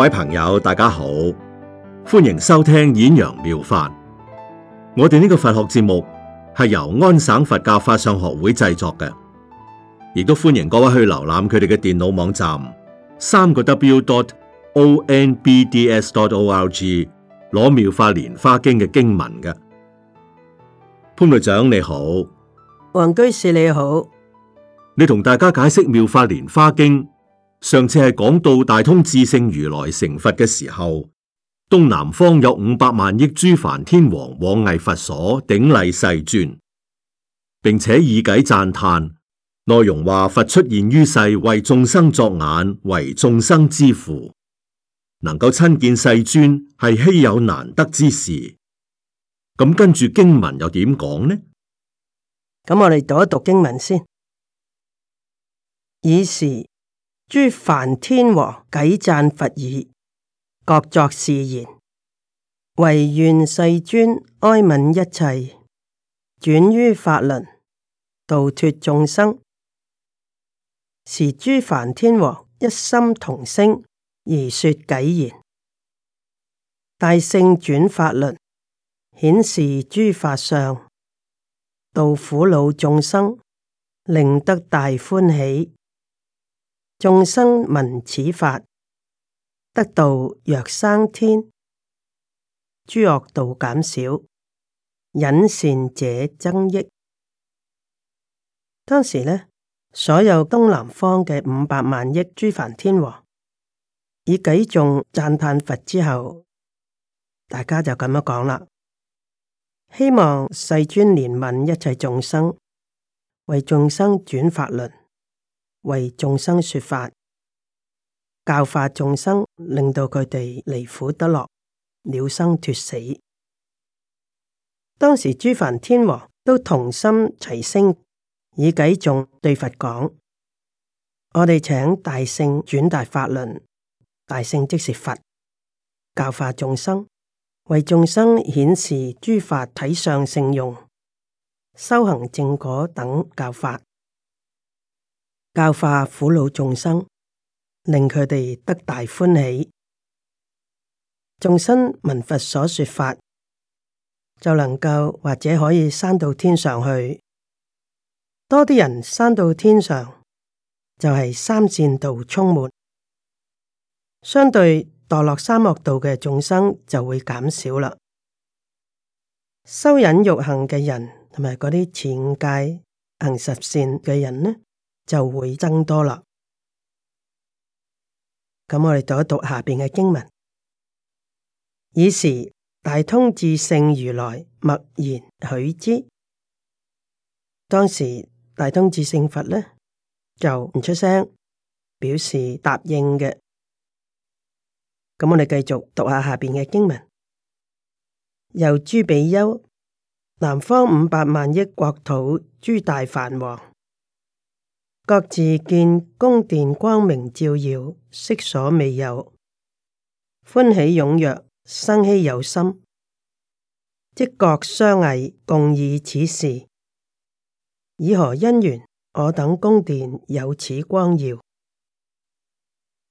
各位朋友，大家好，歡迎收聽演揚妙,妙法。我哋呢個佛學節目係由安省佛教法相學會製作嘅，亦都歡迎各位去瀏覽佢哋嘅電腦網站三個 W 點 O N B D S 點 O R G 攞妙法蓮華經嘅經文嘅潘隊長你好，黃居士你好，你同大家解釋妙法蓮華經。上次係講到大通智勝如來成佛嘅時候，東南方有五百萬億諸梵天王往藝佛所頂禮世尊，並且以偈讚嘆，內容話佛出現於世，為眾生作眼，為眾生之父，能夠親見世尊係稀有難得之事。咁、嗯、跟住經文又點講呢？咁我哋讀一讀經文先，以是。諸梵天王偈讚佛已，各作是言：唯願世尊哀憫一切，轉於法輪，度脱眾生。是諸梵天王一心同聲而說偈言：大聖轉法輪，顯示諸法相，度苦惱眾生，令得大歡喜。眾生聞此法，得道若生天，諸惡道減少，忍善者增益。當時呢，所有東南方嘅五百萬億諸梵天王，以偈眾讚歎佛之後，大家就咁樣講啦，希望世尊憐憫一切眾生，為眾生轉法輪。為眾生說法，教化眾生，令到佢哋離苦得樂，了生脫死。當時諸梵天王都同心齊聲，以偈頌對佛講：我哋請大聖轉大法輪，大聖即是佛，教化眾生，為眾生顯示諸法體相、性用、修行正果等教法。教化苦惱眾生，令佢哋得大歡喜。眾生聞佛所說法，就能夠或者可以升到天上去。多啲人升到天上，就係、是、三善道充滿。相對墮落三惡道嘅眾生就會減少啦。修忍欲行嘅人，同埋嗰啲淺界行十善嘅人呢，就會增多啦。咁我哋讀一讀下邊嘅經文，爾時大通智勝如來默然許之。當時大通智勝佛呢就唔出聲，表示答應嘅。咁我哋繼續讀下下邊嘅經文。由諸比丘南方五百萬億國土，諸大梵王。各自見宮殿光明照耀，色所未有，歡喜踊躍，生希有心，即覺相異，共議此事，以何因緣，我等宮殿有此光耀？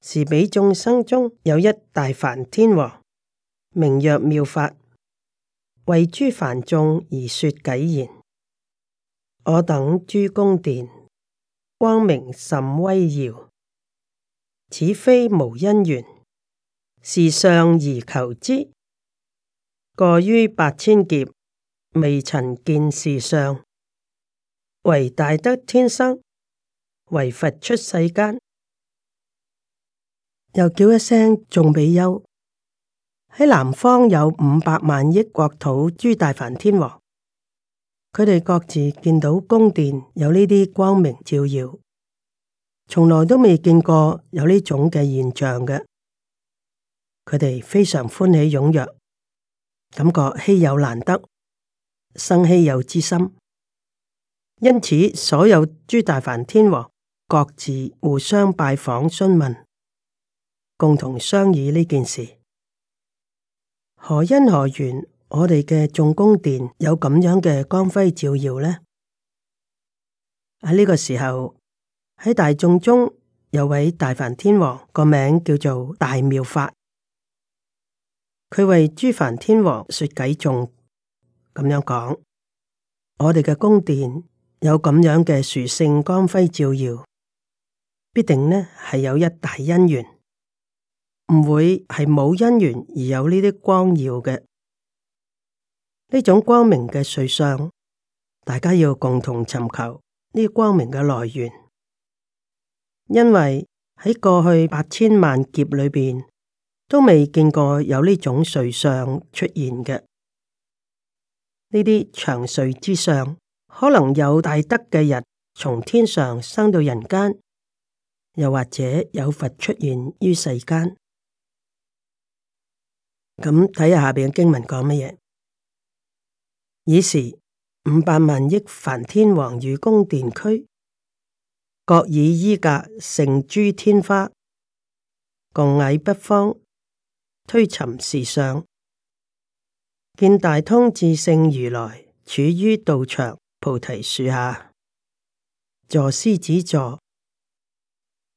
時彼眾生中有一大梵天王，名曰妙法，為諸梵眾而說偈言：我等諸宮殿。光明甚威耀，此非無因緣。是相而求之，過於百千劫，未曾見是相。為大德天生，為佛出世間。又叫一聲，仲未休。喺南方有五百萬億國土諸，諸大梵天王。佢哋各自見到宮殿有呢啲光明照耀，從來都未見過有呢種嘅現象嘅。佢哋非常歡喜踴躍，感覺稀有難得，生稀有之心。因此，所有諸大梵天王各自互相拜訪詢問，共同商議呢件事。何因何緣？我哋嘅眾宮殿有咁樣嘅光輝照耀咧，喺呢個時候喺大眾中有位大梵天王個名叫做大妙法，佢為諸梵天王說偈頌，咁樣講：我哋嘅宮殿有咁樣嘅殊勝光輝照耀，必定呢係有一大因緣，唔會係冇因緣而有呢啲光耀嘅。呢種光明嘅瑞相，大家要共同尋求呢光明嘅來源，因為喺過去八千萬劫裏面，都未見過有呢種瑞相出現嘅。呢啲祥瑞之相，可能有大德嘅人從天上生到人間，又或者有佛出現於世間。咁睇下下面嘅經文講乜嘢。以時五百萬億梵天王與宮殿區，各以衣架盛諸天花，共矮北方，推尋事上，見大通智勝如來處於道場菩提樹下，坐獅子座，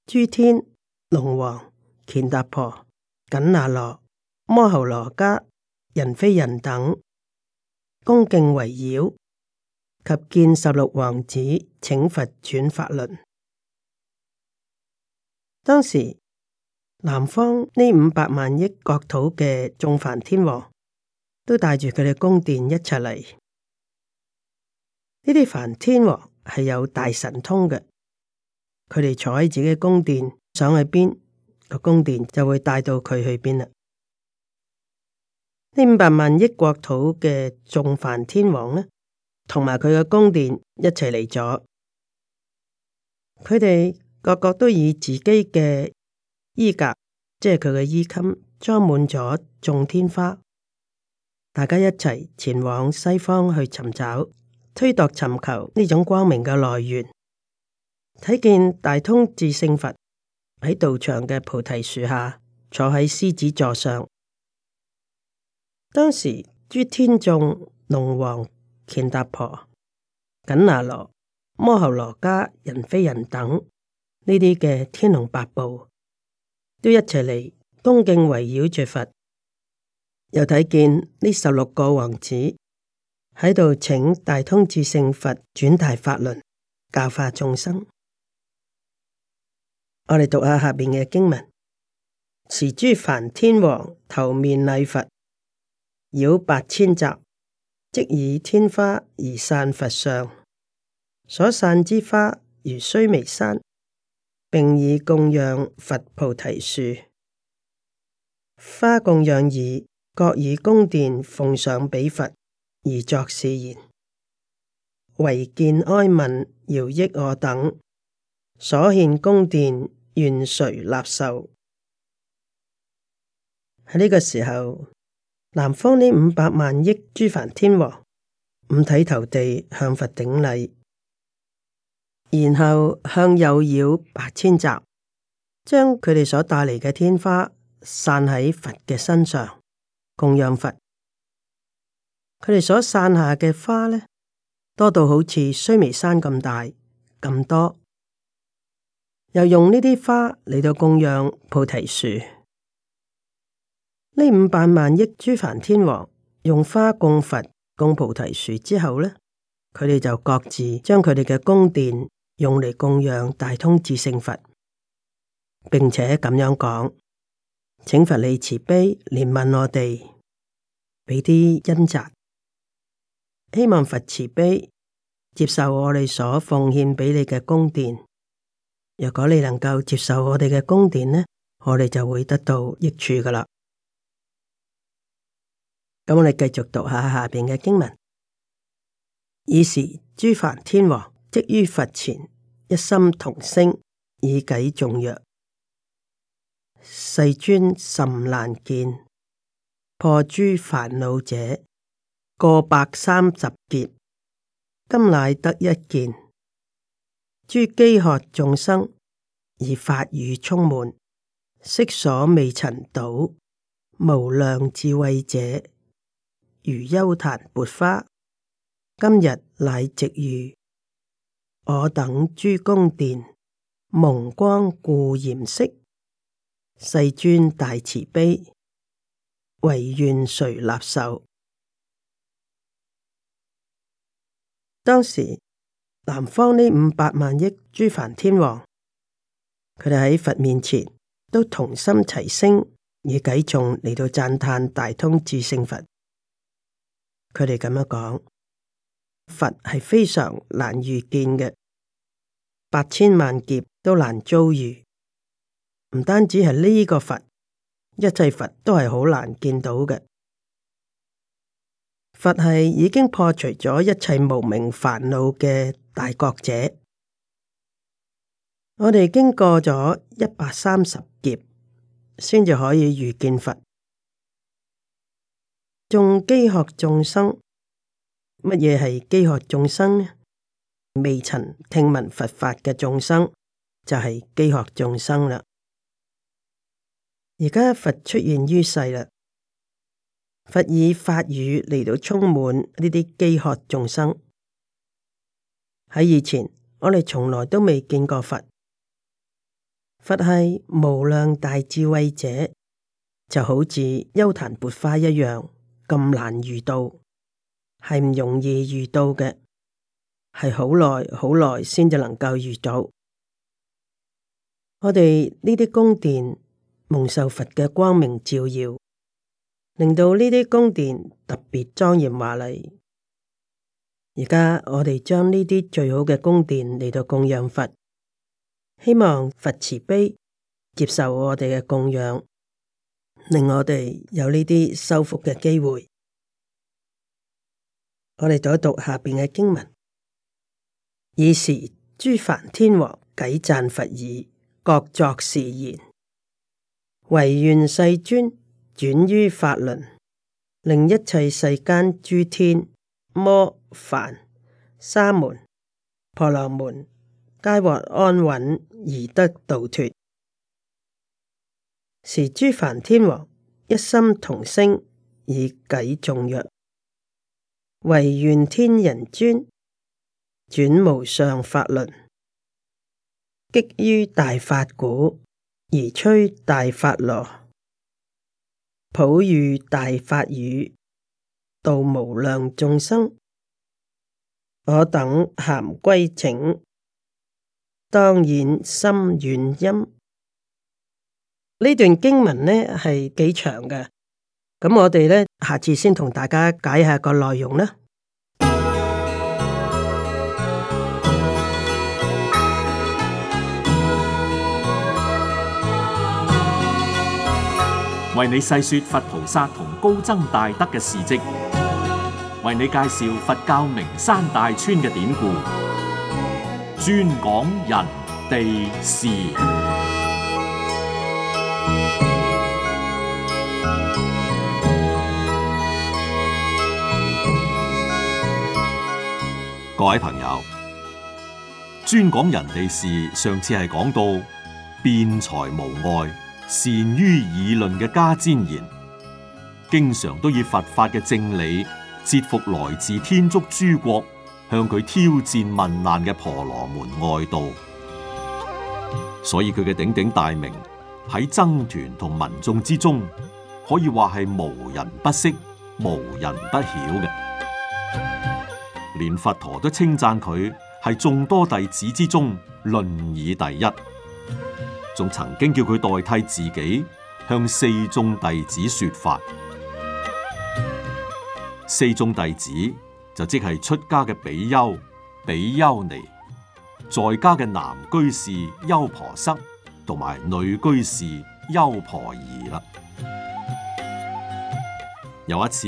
諸天龍王乾達婆緊那羅摩喉羅伽、人非人等。恭敬圍繞及見十六王子，請佛轉法輪。當時南方呢五百萬億國土嘅眾梵天王，都帶住佢哋宮殿一齊嚟。呢啲梵天王係有大神通嘅，佢哋坐喺自己嘅宮殿，想去邊個宮殿就會帶到佢去邊啦。呢五百萬億國土嘅眾梵天王呢，同埋佢嘅宮殿一齊嚟咗，佢哋各各都以自己嘅衣甲，即係佢嘅衣襟裝滿咗種天花，大家一齊前往西方去尋找推度尋求呢種光明嘅來源，睇見大通至聖佛喺道場嘅菩提樹下坐喺獅子座上。當時諸天眾、龍王、乾達婆、緊那羅、摩睺羅伽、人非人等呢啲嘅天龍八部，都一齊嚟東境圍繞着佛，又睇見呢十六個王子喺度請大通智勝佛轉大法輪教化眾生。我哋讀下下邊嘅經文：時諸梵天王頭面禮佛。繞八千匝，即以天花而散佛上，所散之花如須彌山，並以供養佛菩提樹。花供養已，各以宮殿奉上彼佛，而作是言：唯見哀憫，饒益我等，所獻宮殿願誰納受？喺呢個時候。南方呢五百萬億諸梵天王五體投地向佛頂禮，然後向右繞八千匝，將佢哋所帶嚟嘅天花散喺佛嘅身上供養佛。佢哋所散下嘅花呢，多到好似須彌山咁大咁多，又用呢啲花嚟到供養菩提樹。呢五百萬億諸梵天王用花供佛、供菩提樹之後呢，佢哋就各自將佢哋嘅宮殿用嚟供養大通智勝佛，並且咁樣講：請佛你慈悲憐憫我哋，俾啲恩澤。希望佛慈悲接受我哋所奉獻俾你嘅宮殿。若果你能夠接受我哋嘅宮殿呢，我哋就會得到益處噶啦。咁我哋繼續讀下下邊嘅經文。爾時，諸梵天王即於佛前一心同聲以偈頌曰：世尊甚難見，破諸煩惱者，過百三十劫，今乃得一見。諸飢渴眾生，以法雨充滿，昔所未曾睹，無量智慧者。如優曇鉢華，今日乃值遇，我等諸宮殿蒙光固色，故嚴飾世尊大慈悲，唯願垂納受。當時南方呢五百萬億諸梵天王，佢哋喺佛面前都同心齊聲以偈頌嚟到讚歎大通智勝佛。佢哋咁樣講，佛係非常難遇見嘅，八千萬劫都難遭遇。唔單止係呢個佛，一切佛都係好難見到嘅。佛係已經破除咗一切無明煩惱嘅大覺者。我哋經過咗一百三十劫，先至可以遇見佛。仲飢渴眾生，乜嘢係飢渴眾生呢？未曾聽聞佛法嘅眾生就係飢渴眾生啦。而家佛出現於世啦，佛以法語嚟到充滿呢啲飢渴眾生。喺以前，我哋從來都未見過佛。佛係無量大智慧者，就好似優曇鉢花一樣。咁難遇到，係唔容易遇到嘅，係好耐好耐先至能夠遇到。我哋呢啲宮殿蒙受佛嘅光明照耀，令到呢啲宮殿特別莊嚴華麗。而家我哋將呢啲最好嘅宮殿嚟到供養佛，希望佛慈悲，接受我哋嘅供養。令我哋有呢啲修復嘅機會，我哋再讀，讀下邊嘅經文：以是諸梵天王偈讚佛已，各作是言：唯願世尊轉於法輪，令一切世間諸天、魔、梵、沙門、婆羅門皆獲安穩而得度脫。是諸梵天王一心同聲，以偈頌曰：唯願天人尊轉無上法輪，擊于大法鼓而吹大法螺，普雨大法雨，度無量眾生。我等咸歸請，當演深遠音。呢段經文呢係幾長嘅，咁我哋呢下次先同大家解下個內容啦。為你細說佛菩薩同高僧大德嘅事跡，為你介紹佛教名山大川嘅典故，專講人地事。各位朋友，專講人哋事。上次係講到辯才無礙、善於議論嘅迦旃延，經常都以佛法嘅正理折服來自天竺諸國向佢挑戰問難嘅婆羅門外道。所以佢嘅鼎鼎大名喺僧團同民眾之中，可以話係無人不識、無人不曉嘅。連佛陀都稱讚佢係眾多弟子之中論議第一，仲曾經叫佢代替自己向四眾弟子說法。四眾弟子就即係出家嘅比丘、比丘尼，在家嘅男居士優婆塞，同埋女居士優婆夷啦。有一次，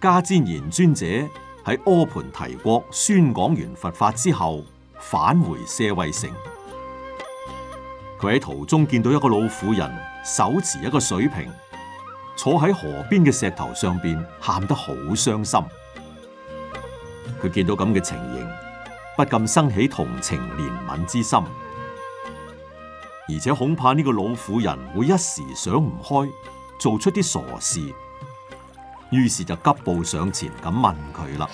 迦旃延尊者，喺阿盤提國宣講完佛法之後，返回舍衛城。佢喺途中見到一個老婦人，手持一個水瓶，坐喺河邊嘅石頭上邊，喊得好傷心。佢見到咁嘅情形，不禁生起同情憐憫之心，而且恐怕呢個老婦人會一時想唔開，做出啲傻事。於是就急步上前咁問佢啦：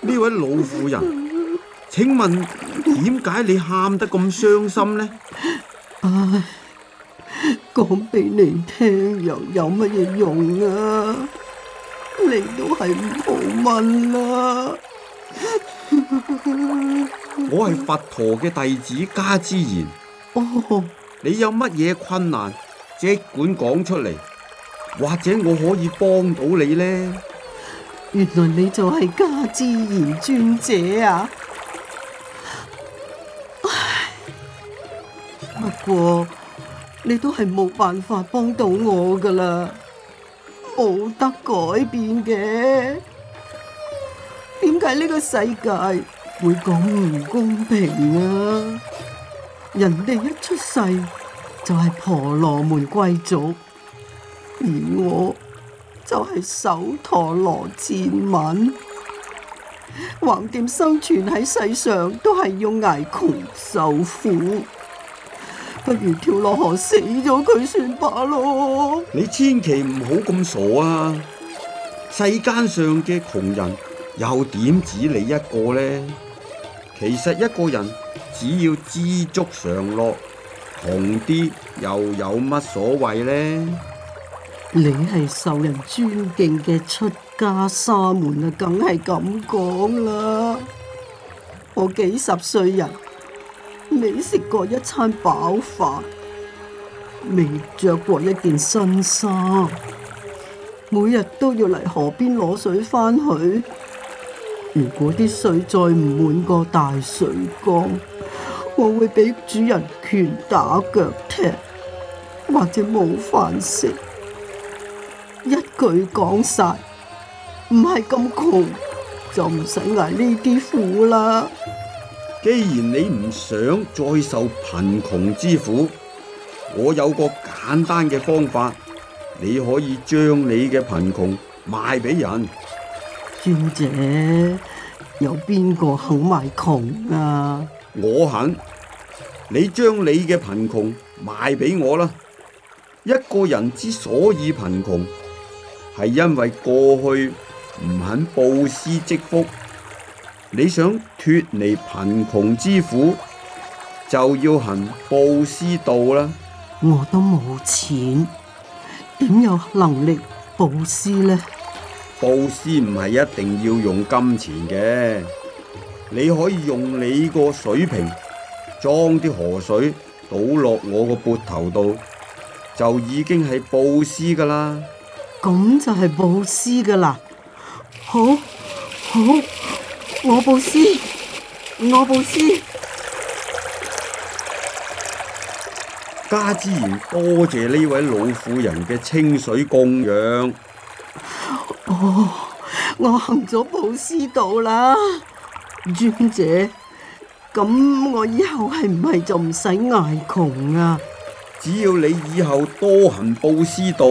呢 位老婦人，請問點解你喊得咁傷心呢？啊，講俾你聽又有乜嘢用啊？你都係唔好問啦，啊。 我係佛陀嘅弟子迦旃延。Oh, 你有乜嘢困難，即管講出嚟，或者我可以幫到你呢？原來你就係迦旃延尊者啊！唉，不過你都係冇辦法幫到我噶啦，冇得改變嘅。點解呢個世界會咁唔公平啊？人哋一出世就係、是、婆羅門貴族，而我就係、是、首陀羅賤民，橫掂生存喺世上都係要挨窮受苦，不如跳落河死咗佢算罷咯。你千祈唔好咁傻啊！世間上嘅窮人又點止你一個呢？其實一個人。只要知足常樂，窮啲又有乜所謂呢？你係受人尊敬嘅出家沙門啊，梗係咁講啦！我幾十歲人，未食過一餐飽飯，未着過一件新衫，每日都要嚟河邊攞水返去。如果啲水再唔滿個大水缸，我會俾主人拳打腳踢，或者冇飯食。一句講晒，唔係咁窮就唔使挨呢啲苦啦。既然你唔想再受貧窮之苦，我有個簡單嘅方法，你可以將你嘅貧窮賣俾人。尊者，有邊個肯賣窮啊？我肯，你將你嘅貧窮賣俾我啦。一個人之所以貧窮，係因為過去唔肯布施積福。你想脫離貧窮之苦，就要行布施道啦。我都冇錢，點有能力布施呢？布施唔係一定要用金錢嘅。你可以用你個水瓶裝啲河水倒落我個缽頭度，就已經係布施噶啦。咁就係布施噶啦。好，好，我布施，我布施。迦旃延多謝呢位老婦人嘅清水供養。哦，我行咗布施道啦。尊者，咁我以後係唔係就唔使捱窮啊？只要你以後多行布施道，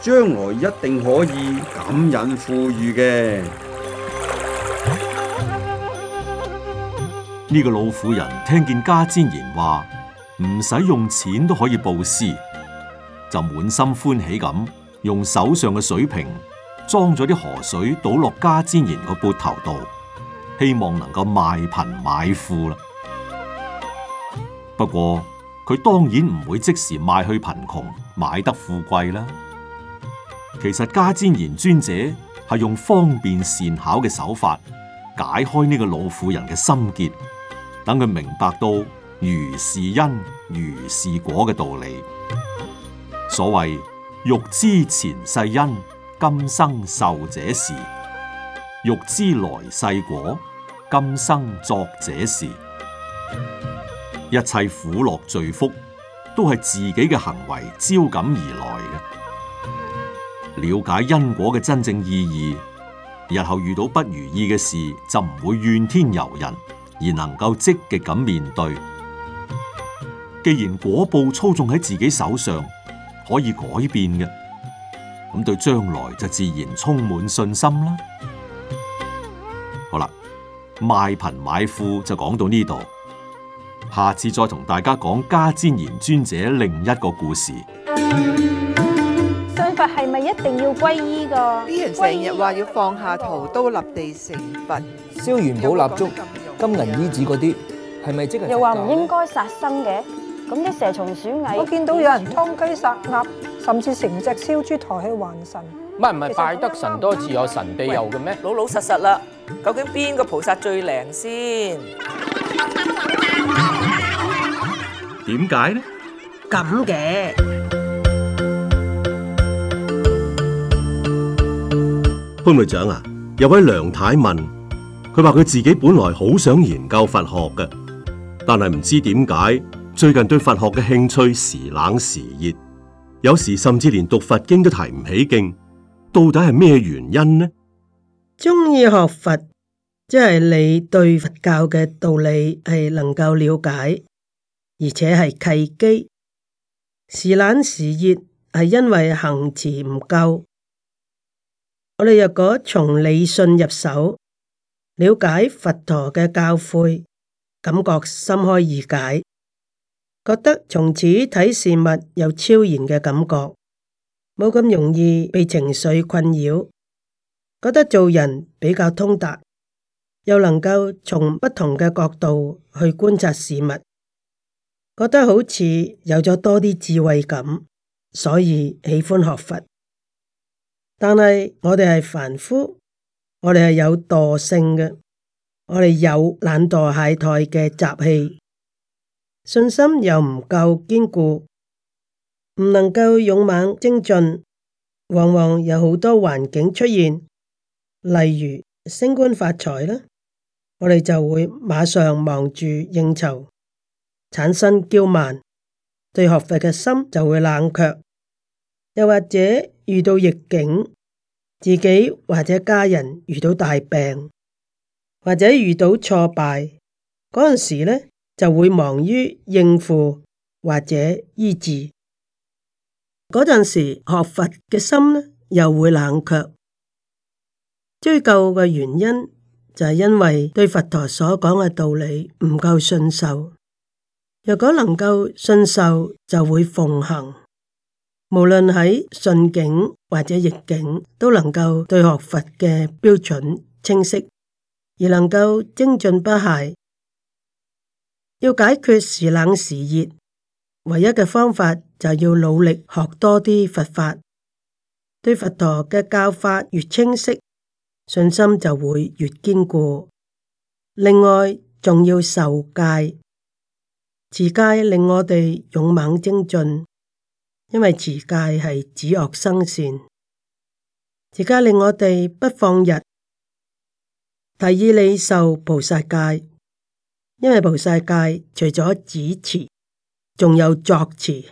將來一定可以感恩富裕嘅。呢個老婦人聽見迦旃延話，唔使用，用錢都可以布施，就滿心歡喜咁，用手上嘅水瓶裝咗啲河水，倒落迦旃延個杯頭度。希望能夠賣貧買富啦，不過佢當然唔會即時賣去貧窮，買得富貴啦。其實迦旃延尊者係用方便善巧嘅手法，解開呢個老婦人嘅心結，等佢明白到如是因如是果嘅道理。所謂欲知前世因，今生受者是。欲知來世果，今生作者是。一切苦樂罪福，都係自己嘅行為招感而來嘅。了解因果嘅真正意義，日後遇到不如意嘅事就唔會怨天尤人，而能夠積極咁面對。既然果報操縱喺自己手上，可以改變嘅，咁對將來就自然充滿信心啦。賣貧買富就講到呢度，下次再同大家講迦旃延尊者另一個故事。信佛係咪一定要皈依噶？啲人成日話要放下屠刀立地成佛，燒元寶蠟燭、金銀衣紙嗰啲，係咪、啊、即係？又話唔應該殺生嘅，咁啲蛇蟲鼠蟻，我見到有人湯雞殺鴨，甚至成隻燒豬抬去還神。唔係唔係，拜得神多自有神庇佑嘅咩？老老實實啦。究竟邊個菩薩最靚先？點解呢？咁嘅潘會長啊，有位梁太問，佢話佢自己本來好想研究佛學㗎，但係唔知點解最近對佛學嘅興趣時冷時熱，有時甚至連讀佛經都提唔起勁，到底係咩原因呢？鍾意學佛，即係你對佛教嘅道理係能夠了解，而且係契機。時冷時熱，係因為行持唔夠。我哋若果從理信入手，了解佛陀嘅教誨，感覺心開意解，覺得從此睇事物有超然嘅感覺，冇咁容易被情緒困擾。覺得做人比較通達，又能夠從不同嘅角度去觀察事物，覺得好似有咗多啲智慧咁，所以喜歡學佛。但係我哋係凡夫，我哋係有惰性嘅，我哋有懶惰懈怠嘅習氣，信心又唔夠堅固，唔能夠勇猛精進，往往有好多環境出現。例如升官發財啦，我哋就會馬上忙住應酬，產生驕慢，對學佛嘅心就會冷卻。又或者遇到逆境，自己或者家人遇到大病，或者遇到挫敗，嗰陣時咧，就會忙於應付或者醫治，嗰陣時學佛嘅心咧又會冷卻。追究嘅原因就係因為對佛陀所講嘅道理唔夠信受。若果能夠信受，就會奉行。無論喺順境或者逆境，都能夠對學佛嘅標準清晰，而能夠精進不懈。要解決時冷時熱，唯一嘅方法就要努力學多啲佛法。對佛陀嘅教法越清晰，信心就會越堅固。另外，仲要受戒持戒，戒令我哋勇猛精進，因為持戒係止惡生善。持戒令我哋不放逸。第二，你受菩薩戒，因為菩薩戒除咗止持，仲有作持，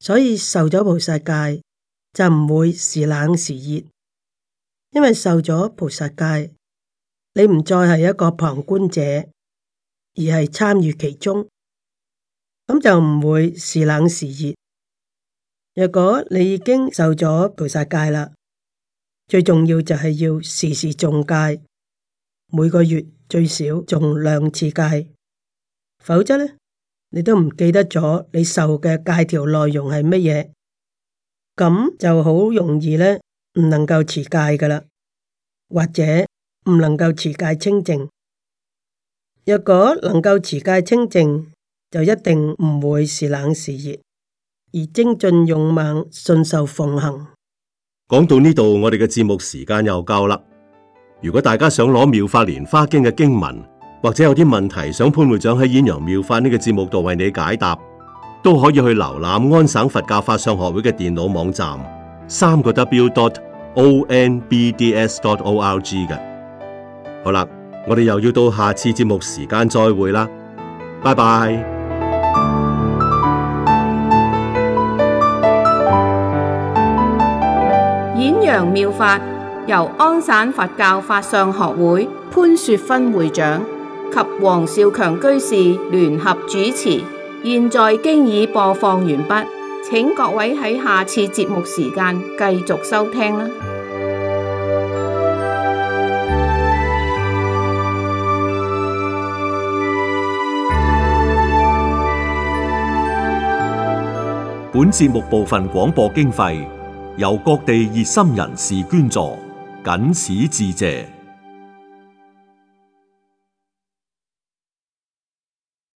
所以受咗菩薩戒就唔會時冷時熱。因為受咗菩薩戒，你唔再係一個旁觀者，而係參與其中，咁就唔會時冷時熱。若果你已經受咗菩薩戒啦，最重要就係要時時中戒，每個月最少中兩次戒，否則咧，你都唔記得咗你受嘅戒條內容係乜嘢，咁就好容易咧。唔能夠持戒嘅啦，或者唔能夠持戒清淨。若果能夠持戒清淨，就一定唔會時冷時熱，而精進勇猛，信受奉行。講到呢度，我哋嘅節目時間又夠啦。如果大家想攞妙法蓮花經嘅經文，或者有啲問題想潘會長喺《演揚妙法》呢個節目度為你解答，都可以去瀏覽安省佛教法上學會嘅電腦網站。三個 W dot O N B D S dot O R G 嘅，好啦，我哋又要到下次節目時間再會啦，拜拜。演揚妙法由安省佛教法相學會潘雪芬會長及黃兆強居士聯合主持，現在經已播放完畢。請各位喺下次節目時間繼續收聽啦。本節目部分廣播經費由各地熱心人士捐助，僅此致謝。